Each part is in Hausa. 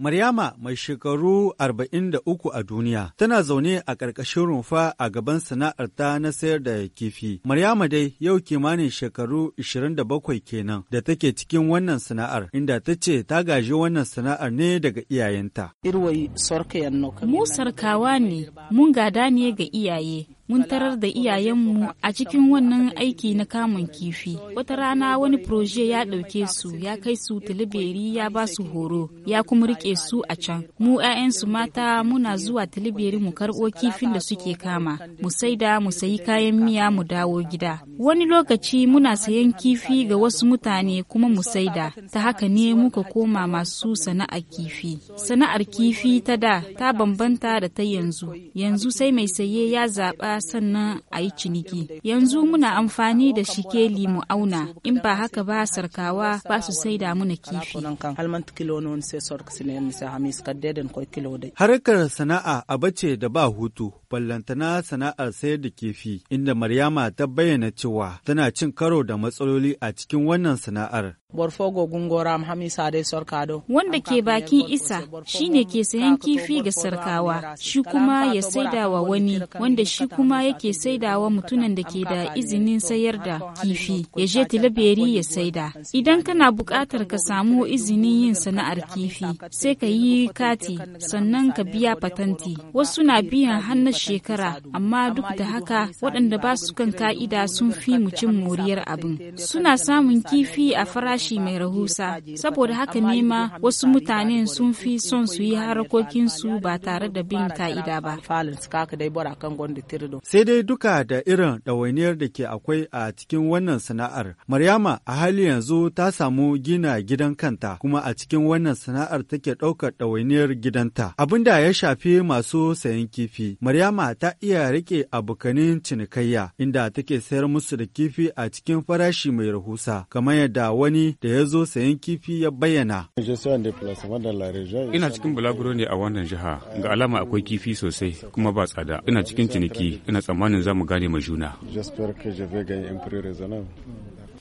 Maryama mai shekaru uku a duniya tana zaune a ƙarƙashin rumfa a gaban sana'arta na sayar da kifi. Maryama dai yau kimanin shekaru 27 kenan da take cikin wannan sana'ar inda ta ce ta gaji wannan sana'ar ne daga iyayenta. Mu sarkawa ne, mun gada ne ga iyaye. mun tarar da iyayenmu a cikin wannan aiki na kamun kifi wata rana wani proje ya ɗauke su ya kai su tilibiri ya ba su horo ya kuma rike su a can mu 'ya'yansu mata muna zuwa tilibiri mu karɓo kifin da suke kama mu saida mu sayi kayan miya mu dawo gida wani lokaci muna sayan kifi ga wasu mutane kuma mu saida ta haka ne muka koma masu sana'ar kifi sana'ar kifi ta da ta bambanta da ta yanzu yanzu sai mai saye ya zaɓa sannan a yi ciniki yanzu muna amfani da shikeli mu auna in ba haka ba sarkawa ba su saida muna kifi harkar sana'a abace da ba hutu ballantana sana'ar sayar da kifi, inda Maryama ta bayyana cewa tana cin karo da matsaloli a cikin wannan sana'ar. Wanda ke bakin isa shi ne ke sayan kifi ga sarkawa, shi kuma ya saida wa wani, wanda shi kuma yake saida wa mutunan da ke da izinin sayar da kifi, ya je tilaberi ya saida. Idan kana buƙatar ka samu izinin yin sana'ar kifi, sai ka yi kati, sannan ka biya fatanti. Wasu na biyan har shekara amma duk da haka waɗanda ba su kan ka'ida sun fi mu cin moriyar abin suna samun kifi a farashi mai rahusa saboda haka ne ma wasu mutanen sun fi son su yi harkokinsu ba tare da bin ka'ida ba sai dai duka da irin ɗawainiyar da ke akwai a cikin wannan sana'ar maryama a hali yanzu ta samu gina gidan kanta kuma a cikin wannan sana'ar take ɗaukar ɗawainiyar gidanta abinda ya shafi masu sayan kifi maryama Adama ta iya rike abokanin cinikayya inda take sayar musu da kifi a cikin farashi mai rahusa, kamar yadda wani da ya zo sayan kifi ya bayyana. Ina cikin bulaguro ne a wannan jiha, ga alama akwai kifi sosai kuma ba tsada. Ina cikin ciniki, ina tsammanin za mu gane ma juna.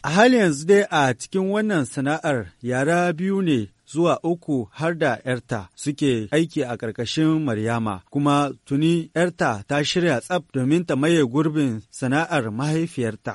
A hal yanzu dai a cikin wannan sana'ar yara biyu ne zuwa uku har da ‘yarta suke aiki a ƙarƙashin Maryama, kuma tuni ‘yarta ta shirya tsab domin ta maye gurbin sana'ar mahaifiyarta.